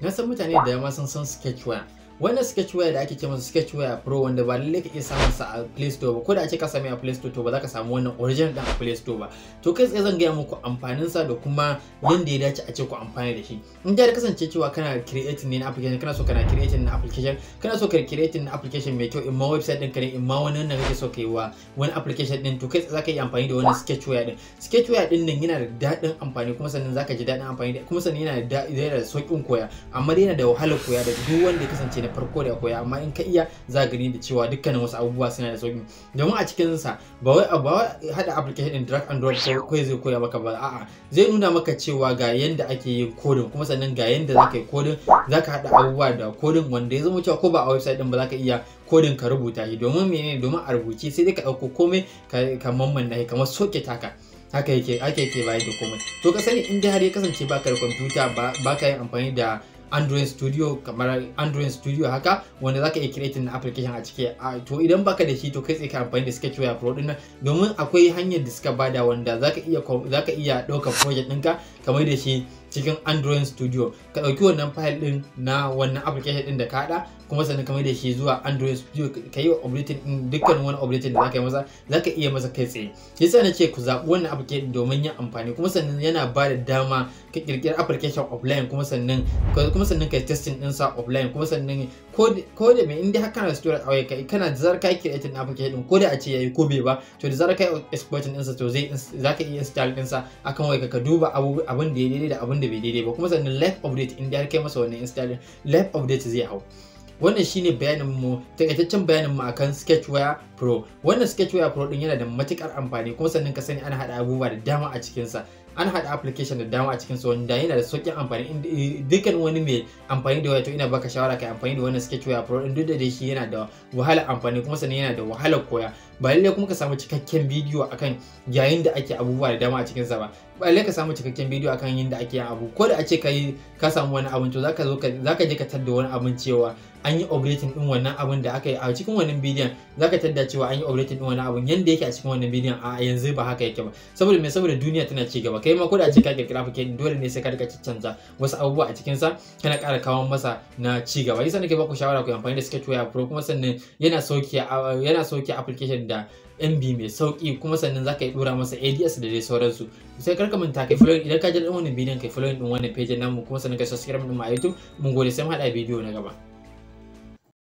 na san mutane da yawa sun san sketch 1 wannan sketchware da ake ce masa sketchware pro wanda ba lallai ka iya samun sa a play store ba ko da ake ka same a play store to ba za ka samu wannan original din a play store ba to kai tsaye zan gaya muku amfanin sa da kuma yanda ya dace a ce ku amfani da shi in da kasance cewa kana creating ne na application kana so kana creating na application kana so ka creating na application mai kyau in ma website din ka ne in ma wani wannan kake so ka yi wa wani application din to kai tsaye za ka yi amfani da wannan sketchware din sketchware din nan yana da daɗin amfani kuma sannan za ka ji daɗin amfani kuma sannan yana da sauƙin koya amma yana da wahalar koya da duk wanda ya kasance da farko da koya amma in ka iya za ka gani da cewa dukkanin wasu abubuwa suna da sauki domin a cikin sa ba wai ba hada application din drag and drop ko zai koya maka ba a'a zai nuna maka cewa ga yanda ake yin coding kuma sannan ga yanda za ka yi coding za ka hada abubuwa da coding wanda ya zama cewa ko ba a website din ba za ka iya kodin ka rubuta shi domin menene domin a rubuce sai dai ka dauko komai ka mammanna kamar soke taka haka yake ake ke bayar da komai to ka sani in dai har ya kasance baka da kwamfuta ba ka yin amfani da android studio kamar android studio haka wanda zaka iya creating na application a ciki to idan baka da shi to kai tsaye ka amfani da Sketchware pro din nan domin akwai hanyar da suka bada wanda zaka iya zaka iya ɗaukar project ɗinka kamar da shi cikin android studio ka ɗauki wannan file ɗin na wannan application ɗin da ka haɗa kuma sannan kamar da shi zuwa android studio ka yi operating ɗin dukkan wani operating da zaka yi masa zaka iya masa kai tsaye yasa na ce ku zaɓi wannan application domin yin amfani kuma sannan yana ba da dama ka ƙirƙiri application offline kuma sannan kuma sannan ka yi testing ɗinsa offline kuma sannan ko da mai inda haka na store a wayarka kana da zarar ka yi creating ɗin application ɗin ko da a ce yayi ko bai ba to da zarar ka yi exporting ɗinsa to zai zaka iya install ɗinsa akan wayarka ka duba abin da ya daidai da abin da da bai daidai ba kuma sannan live update in da kai masa wannan installation live update zai hau wannan shine bayanin mu takaitaccen bayanin mu akan sketchware pro wannan sketchware pro din yana da matukar amfani kuma sannan ka sani ana hada abubuwa da dama a cikin sa an haɗa application da dama a cikin su wanda yana da sauƙin amfani dukkan wani mai amfani da wato ina baka shawara kai amfani da wannan sketch waya din duk da dai shi yana da wahala amfani kuma sannan yana da wahalar koya ba lallai kuma ka samu cikakken bidiyo akan yayin da ake abubuwa da dama a cikin sa ba ba lallai ka samu cikakken bidiyo akan da ake abu ko da a ce kai ka samu wani abin to zaka zo ka zaka je ka tadda wani abin cewa an yi operating din wannan abin da aka yi a cikin wannan bidiyon zaka tadda cewa an yi operating din wannan abin yanda yake a cikin wannan bidiyon a yanzu ba haka yake ba saboda me saboda duniya tana ci gaba kai ma ko da ce ka kirkira fa dole ne sai ka rika canza wasu abubuwa a cikin sa kana ƙara kawo masa na ci gaba yasa nake baku shawara ku amfani da Sketchware Pro kuma sannan yana sauke yana sauki application da MB mai sauki kuma sannan zaka yi dora masa ADS da dai sauransu sai karka manta kai following idan ka ji wannan bidiyon kai following din wannan page namu kuma sannan kai subscribe din mu a YouTube mun gode sai mu hada bidiyo na gaba